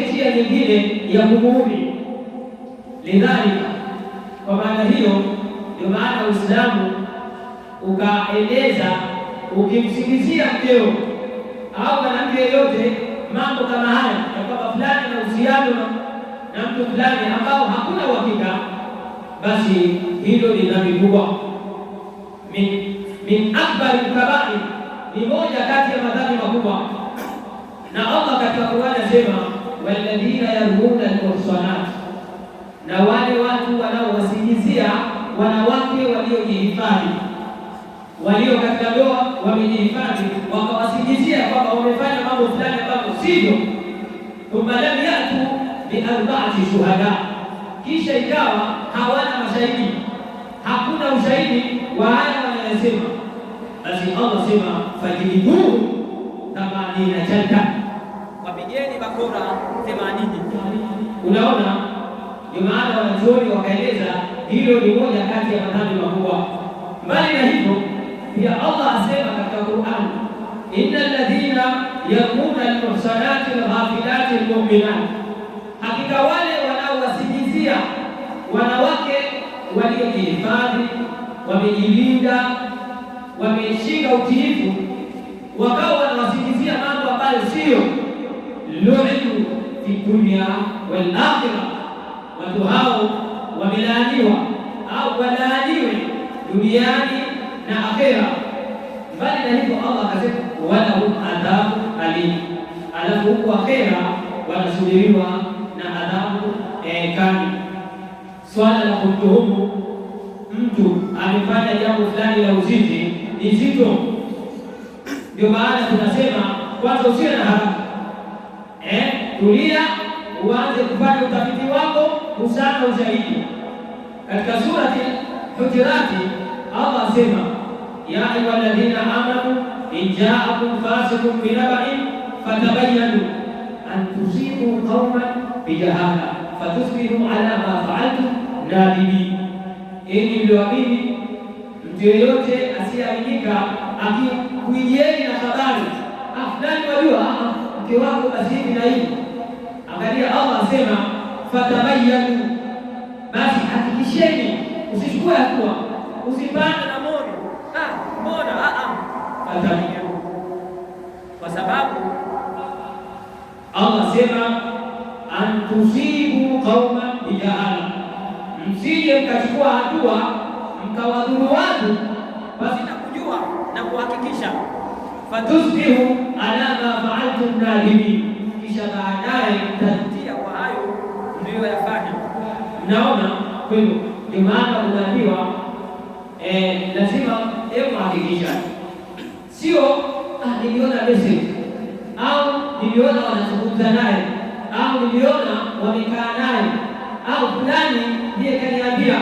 njia nyingine ya kumuumi. Lidhalika, kwa maana hiyo ndio maana Uislamu ukaeleza ukimsingizia mkeo au mwanamke yeyote mambo kama haya ya kwamba fulani na uhusiano na mtu fulani ambao hakuna uhakika, basi hilo ni dhambi kubwa, min min akbari kabair, ni moja kati ya madhambi makubwa. Na Allah katika Qur'an anasema walladhina yarmuna almuhsanat, na wale watu wanaowasingizia wanawake waliojihifadhi, walio katika ndoa wamejihifadhi, wakawasingizia kwamba wamefanya mambo fulani ambayo sivyo. Thumma lam yatu biarbaati shuhada, kisha ikawa hawana mashahidi, hakuna ushahidi wa haya wanayosema. Basi Allah sema fajiliduu thamanina jalda bakora 80. Unaona, ni maana wanazuoni wakaeleza hilo ni moja kati ya madhambi makubwa. Mbali na hivyo, pia Allah asema katika Qur'an, inna alladhina yarmuna al-muhsanati wal-ghafilati al-mu'minat, hakika wale wanaowasingizia wanawake waliojihifadhi, wamejilinda, wameshika utiifu, wakawa wanawasingizia mambo ambayo sio lu'inu fi dunya wal akhirah, watu hao wamelaaniwa au walaaniwe duniani na akhera. Mbali na hivyo, Allah akasema walahum adhabu alim, alafu huku akhera wanasubiriwa na adhabu eh, kali. Swala la kumtuhumu mtu amefanya jambo fulani la uzinzi ni zito, ndio maana tunasema kwanza usiwe na haraka tulia, uanze kufanya utafiti wako, usana ushahidi. Katika surati Hutirati, Allah asema ya ayyuhalladhina amanu in ja'akum fasiqun binaba'in fatabayyanu an tusibu qauman bijahala fatusbihu ala ma fa'altum nadhimin, ili mlioamini, mtu yeyote asiyeaminika akikuijieni na habari afdani, wajua ah, mke wako basi na hivi Angalia Allah anasema fatabayyanu, basi hakikisheni, usichukue hatua, usipande na mono ah, mbona ah, ah. fatabayyanu, kwa sababu Allah anasema antusibu qauman bijahala, msije mkachukua hatua mkawadhuru watu, basi nakujua na kuhakikisha fatusbihu ala ma faaltum nadhimin kisha baadaye mtajutia kwa hayo mliyoyafanya. Naona kwenu ni maana unaambiwa eh, lazima hebu hakikisha, sio ah, niliona bese au niliona wanazungumza naye au niliona wamekaa naye au fulani ndiye kaniambia.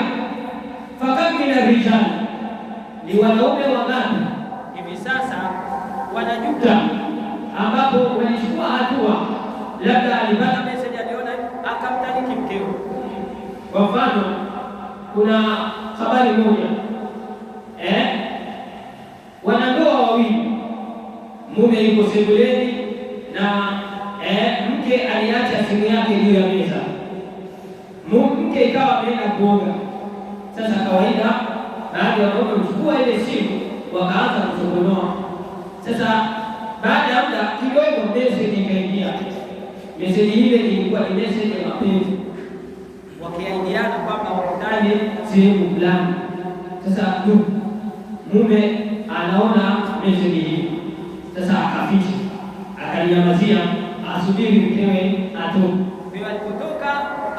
Fakam mina rijali, ni wanaume wangapi hivi sasa wanajuta ambapo walichukua hatua labda alipata message, aliona akamtaliki mkeo. Kwa mfano, kuna habari moja eh, wanandoa wawili, mume yuko sebuleni na eh, mke aliacha simu yake juu ya meza, mke ikawa ameenda kuoga. Sasa kawaida, baada ya kuoga, kuchukua ile simu, wakaanza kusogonoa. Sasa baada ya muda kidogo message Meseji ile ilikuwa ni meseji ya mapenzi, wakiahidiana kwamba wakutane sehemu fulani. Sasa mume anaona meseji hii, sasa akaficha, akalinyamazia, asubiri mkewe atoke. Alipotoka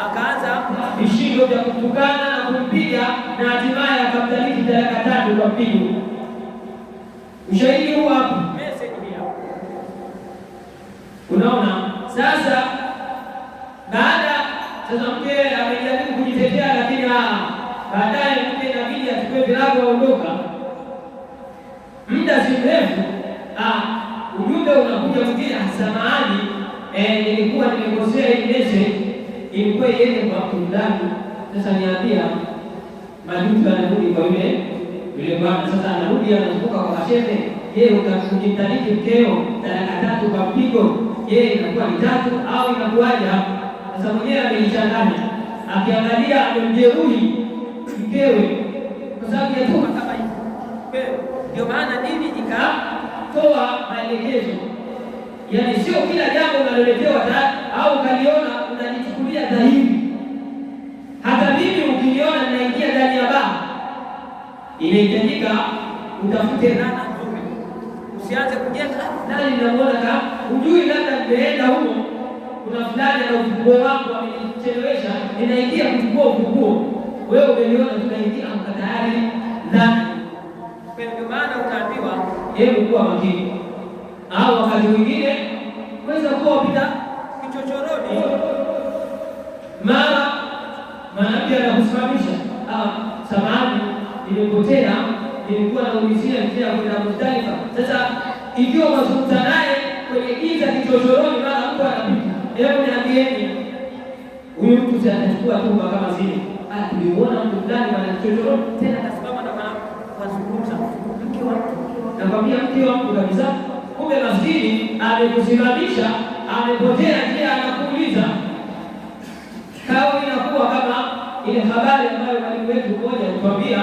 akaanza vishindo vya kutukana na kumpiga, na hatimaye akamtaliki talaka tatu kwa mpigo. Ushahidi huu meseji hii unaona sasa baada sasa mke amejaribu kujitetea, lakini ah, baadaye mke inabidi achukue vilago aondoka. Muda si mrefu ah, ujumbe unakuja mwingine, ah, samahani, eh, nilikuwa nimekosea, hii message ilikuwa iende kwa mtundani. Sasa niambia majuzi anarudi kwa yule yule bwana, sasa anarudi anazunguka kwa mashembe, yeye utamkujitaliki mkeo talaka tatu kwa mpigo je, inakuwa ni tatu au inakuwaje hapo? Sasa mwenyewe ameichanganya, akiangalia amemjeruhi mkewe kwa sababu ya tuhuma kama hiyo. Ndio maana dini ikatoa maelekezo, yaani sio kila jambo unaloletewa au ukaliona unajichukulia dhahiri. Hata mimi ukiniona naingia ndani ya baa, inahitajika utafute nani, usianze kujenga nani namuona kama hujui labda nimeenda huko, kuna fulani na ufunguo wako amechelewesha, inaingia kufungua ufunguo, wewe umeniona tunaingia mka tayari ndani. Ndio maana utaambiwa hebu kuwa makini, au wakati mwingine kuweza kuwa wapita kichochoroni, mara mwanamke anakusimamisha, ah, samani imepotea, ilikuwa naulizia njia ya kwenda Muzdalifa. Sasa ikiwa mazungumza naye kwenye giza kichochoroni, mara mtu anapita. Hebu niambieni, huyu mtu anachukua tumba kama zile. Ah, Tuliona mtu fulani ana kichochoroni, tena akasimama na mwanamke kuzungumza, mke wa mtu, nakwambia mke wa mtu kabisa. Kumbe maskini amekusimamisha, amepotea njia, anakuuliza kao. Inakuwa kama ile habari ambayo mwalimu wetu mmoja alikwambia,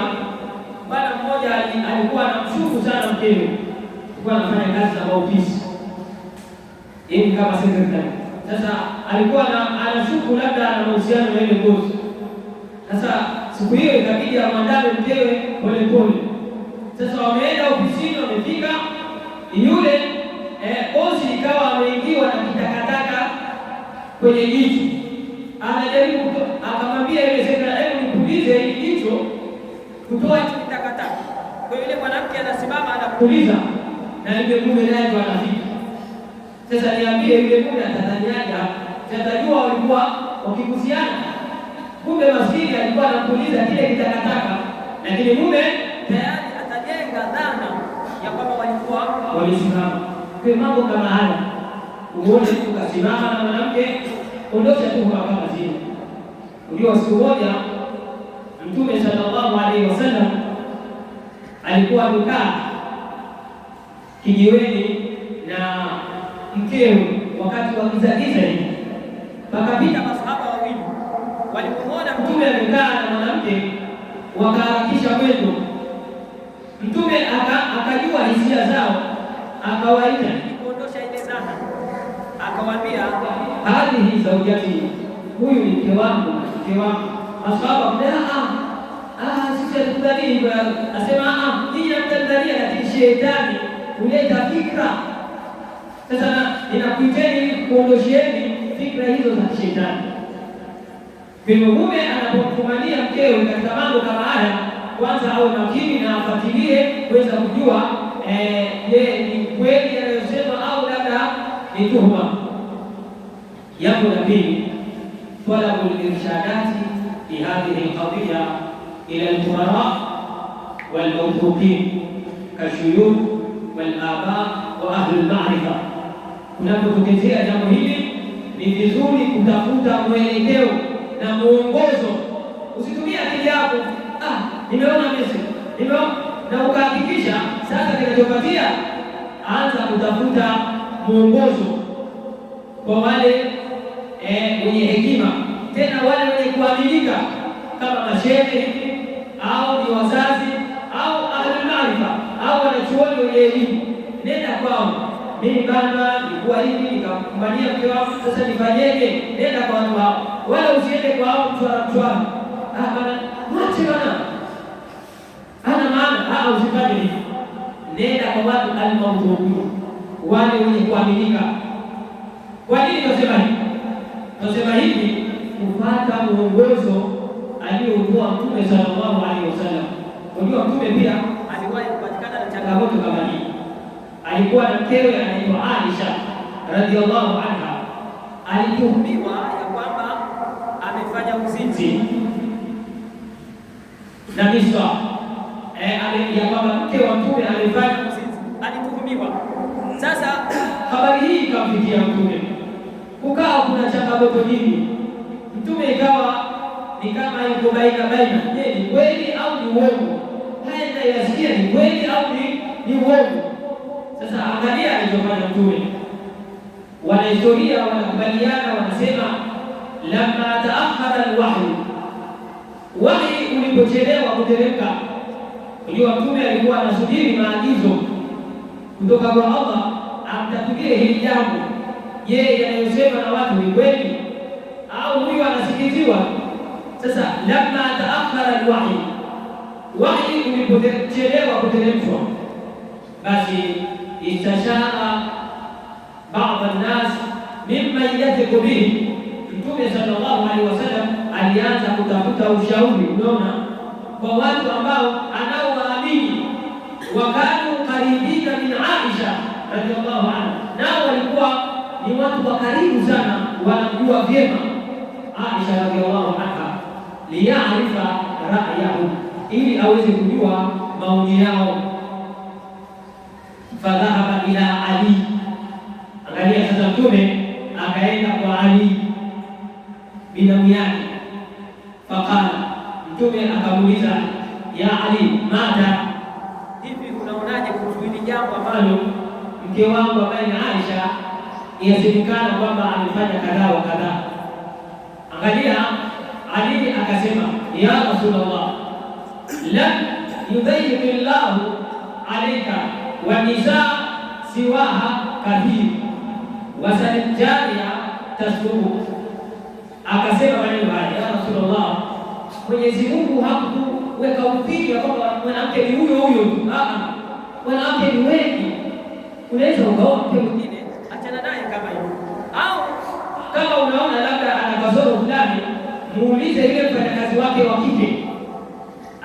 bwana mmoja alikuwa anamshuku sana mkewe, alikuwa anafanya kazi za maofisi kama secretary. Sasa alikuwa anashuku labda ana mahusiano na ile boss. Sasa siku hiyo ikabidi amwandame mkewe polepole. Sasa wameenda ofisini, wamefika yule eh, bosi ikawa ameingiwa na kitakataka kwenye jicho, anajaribu akamwambia ile secretary, hebu nikuulize hili jicho kutoa kitakataka. Kwa yule mwanamke anasimama anakuuliza, na yule mume naye anafika sasa niambie, yule mume atataniaja? Natajua walikuwa wakikuziana, kumbe maskini alikuwa anakuuliza kile kitakataka, lakini mume tayari atajenga dhana ya kwamba walikuwa walisimama. Kwa mambo kama haya, uone ukasimama na mwanamke, ondosha tu kama zile. Unajua, siku moja Mtume sallallahu alaihi wasallam alikuwa amekaa kijiweni mkeo wakati wa giza giza hivi. Pakapita masahaba wawili, walipomwona mtume amekaa na mwanamke wakaharakisha mwendo. Mtume akajua hisia zao, akawaita kuondosha ile dhana, akawaambia hii zaujati, huyu ni mke wangu, mke wangu. Masahaba ah, ah, ah, sisi hatukudhani, asema ninyi hamtadhania, lakini shetani huleta fikra Sasa ninakuiteni ili kuondoshieni fikra hizo za shetani. Mume anapomfumania mkewe katika mambo kama haya, kwanza awe makini na afuatilie kuweza kujua je, ni kweli anayosema au labda ni tuhuma. Jambo la pili, talabu lirshadati fi hadhihi lqadiya ila lqumara walmawthuqin kashuyukh walaba wa ahli lmarifa unapotokezea jambo hili, ni vizuri kutafuta mwelekeo na mwongozo. Usitumie akili yako, ah, nimeona mesi hivyo na ukahakikisha sasa kinachopatia. Anza kutafuta mwongozo kwa wale eh, wenye eh, hekima, tena wale wenye kuaminika kama mashehe au ni wazazi au ahli maarifa au wanachuoni wenye elimu, nenda kwao mimi bana nilikuwa hivi nikakumbania mke wangu, sasa nifanyeje? Nenda kwa watu hao, wala usiende kwa hao mtwara mtwara. Ah bana, mwache bana, ana maana ah, ah, usifanye hivi. Nenda kwa watu almaudhubu, wale wenye kuaminika. Kwa nini tunasema hivi? Tunasema hivi kupata mwongozo aliyoutoa Mtume sallallahu alaihi wasallam. Unajua Mtume pia aliwahi kupatikana na changamoto kama hii alikuwa na mkewe anaitwa Aisha radhiallahu anha, alituhumiwa ya kwamba amefanya uzinzi na Miswa, eh, ya kwamba mke wa mtume alifanya uzinzi, alituhumiwa. Sasa habari hii ikamfikia mtume, kukawa kuna changamoto nyingi. Mtume ikawa ni kama yuko baina baina, je, ni kweli au ni uongo? Haya nayasikia ni kweli au ni uongo? Sasa angalia alichofanya Mtume. Wanahistoria wanakubaliana, wanasema lama taakhara alwahyu, wahi ulipochelewa kuteremka. Unajua Mtume alikuwa anasubiri maagizo kutoka kwa Allah amtatulie hili jambo. Je, yanayosema na watu ni kweli au huyu anasikiziwa? Sasa lama taakhara alwahyu, wahi ulipochelewa kuteremshwa, basi istashaa baadhi nnas mimman yathiqu bihi. Mtume sallallahu alaihi wasallam alianza kutafuta ushauri, unaona, kwa watu ambao anaowaamini. Wakanu karibina min Aisha radhiallahu anha, nao walikuwa ni watu wa karibu sana, wanajua vyema Aisha radhiallahu anha, liyarifa ra'yahu, ili aweze kujua maoni yao فذهب إلى siwaha kahii wasanjaria tasbuhu, akasema maneno haya, ya Rasulullah, Mwenyezi Mungu hakuweka upiji ya kwamba mwanamke ni huyo huyo tu. Ah, ah. Mwanamke ni wengi, unaweza ukaoa mke mwingine, achana naye kama hiyo, au kama unaona labda ana kasoro fulani, muulize yule mfanyakazi wake wa kike,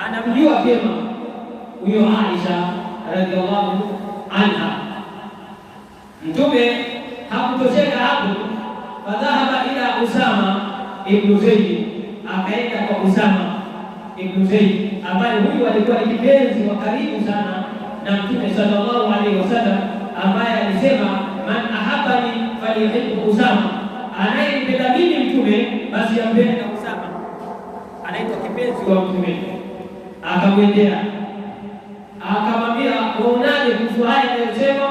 anamjua vyema huyo Aisha radhiallahu anha Mtume hakutosheka hapo, fadhahaba ila Usama ibnu Zaid, akaenda kwa Usama ibnu Zaid ambaye huyu alikuwa ni kipenzi wa karibu sana na Mtume sallallahu alaihi wasallam, ambaye alisema man ahabani falyuhibbu Usama, anayempenda mimi Mtume basi ampende Usama. Anaitwa kipenzi wa Mtume. Akamwendea akamwambia, unaje kuhusu haya inayosema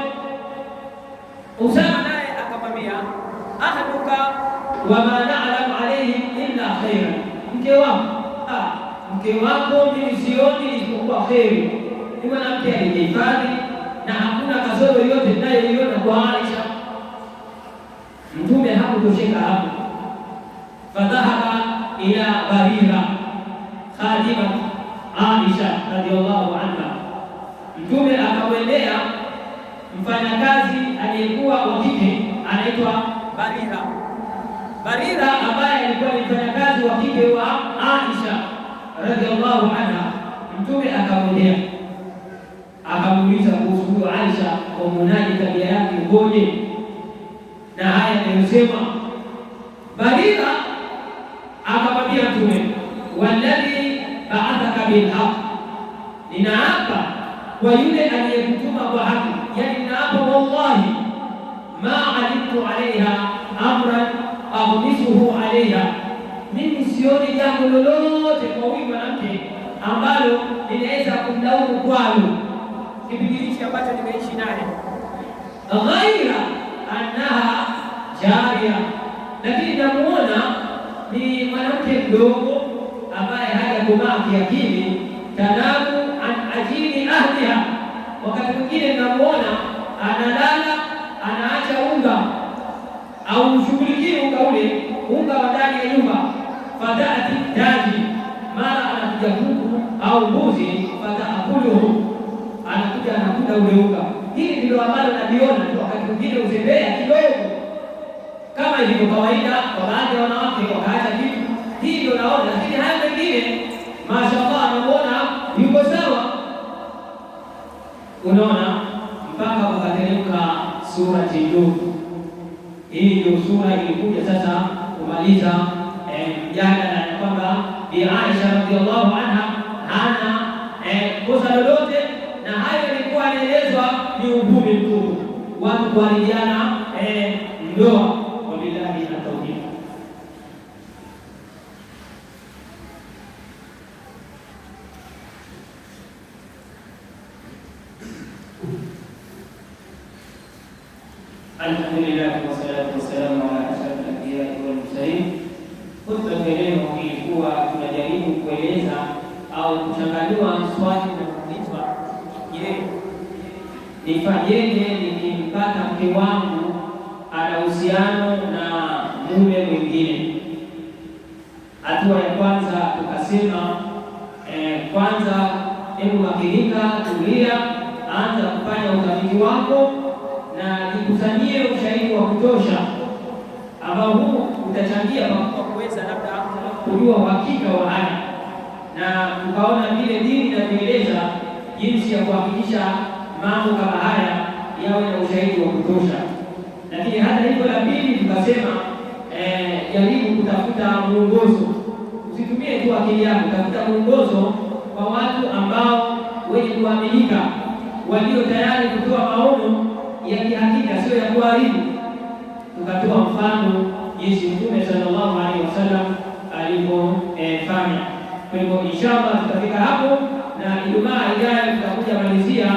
Usama naye akamwambia wa wama na'lamu alayhi illa khaira, mke wako ah, mke wako mimi sioni isipokuwa kheri. Ni mwanamke alijihifadhi na hakuna kasoro yoyote ninayoiona kwa Aisha. Mtume hakutosheka hapo, fadhahaba ila Barira khadima Aisha radhiallahu anha, Mtume akamwendea mfanyakazi aliyekuwa wakike anaitwa Barira. Barira ambaye alikuwa ni mfanyakazi wa kike wa Aisha radhiallahu anha, mtume akamwendea akamuuliza kuhusu huyo Aisha, kwa mwanaji tabia yake ukoje na haya anayosema. Barira akamwambia mtume, walladhi ba'athaka bilhaq, ninaapa kwa yule aliyekutuma kwa haki ra'aytu alaiha amran aghdisuhu alaiha, mimi sioni jambo lolote kwa huyu mwanamke ambalo linaweza kumlaumu kwalo kipindi hiki ambacho nimeishi naye, ghaira annaha jaria, lakini namuona ni mwanamke mdogo ambaye hajakomaa kiakili, tanamu an ajili ahliha. Wakati mwingine namuona analala anaacha unga au ushughulikie unga ule, unga wa ndani ya nyumba. Fataati daji, mara anakuja kuku au mbuzi, fataakuluhu, anakuja anakuta ule unga. Hili ndilo ambalo naliona wakati mwingine uzembea kidogo, kama ilivyo kawaida kwa baadhi ya wanawake wakaacha kitu. Hii ndio naona, lakini haya mengine mashallah, anamuona yuko sawa. Unaona mpaka ukateremka surati Nuh hii ndio sura ilikuja sasa kumaliza eh, mjadala na kwamba Bi Aisha radhiallahu anha hana eh, kosa lolote, na hayo alikuwa anaelezwa ni uvumi mkubwa, watu kuaridiana kujaribu kueleza au kuchanganua swali na kuulizwa, je, nifanyeje nikimpata mke wangu ana uhusiano na mume mwingine? Hatua ya kwanza tukasema eh, kwanza hebu makinika, tulia, anza kufanya utafiti wako na jikusanyie ushahidi wa kutosha ambao huu utachangia kwa kuweza labda kujua uhakika wa haya, na tukaona vile dini inavyoeleza jinsi ya kuhakikisha mambo kama haya yawe na ushahidi wa kutosha. Lakini hata hivyo, la pili tukasema eh, jaribu kutafuta mwongozo, usitumie tu akili yako, tafuta mwongozo kwa watu ambao wenye kuaminika, walio tayari kutoa maono ya kihakika, sio ya kuharibu. Tukatoa mfano jinsi Mtume sallallahu alaihi wasallam alivyofanya. Kwa hivyo inshallah tutafika hapo, na Ijumaa ijayo tutakuja malizia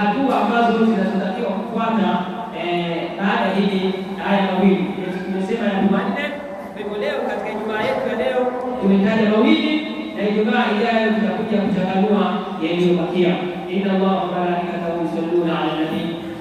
hatua ambazo zinazotakiwa kufuata eh, baada ya hili haya mawili tumesema ya Jumanne. Kwa hivyo leo katika Ijumaa yetu ya leo tumetaja mawili, na Ijumaa ijayo tutakuja kuchanganua yaliyobakia. inna Allah wa malaikatahu yusalluna ala nabii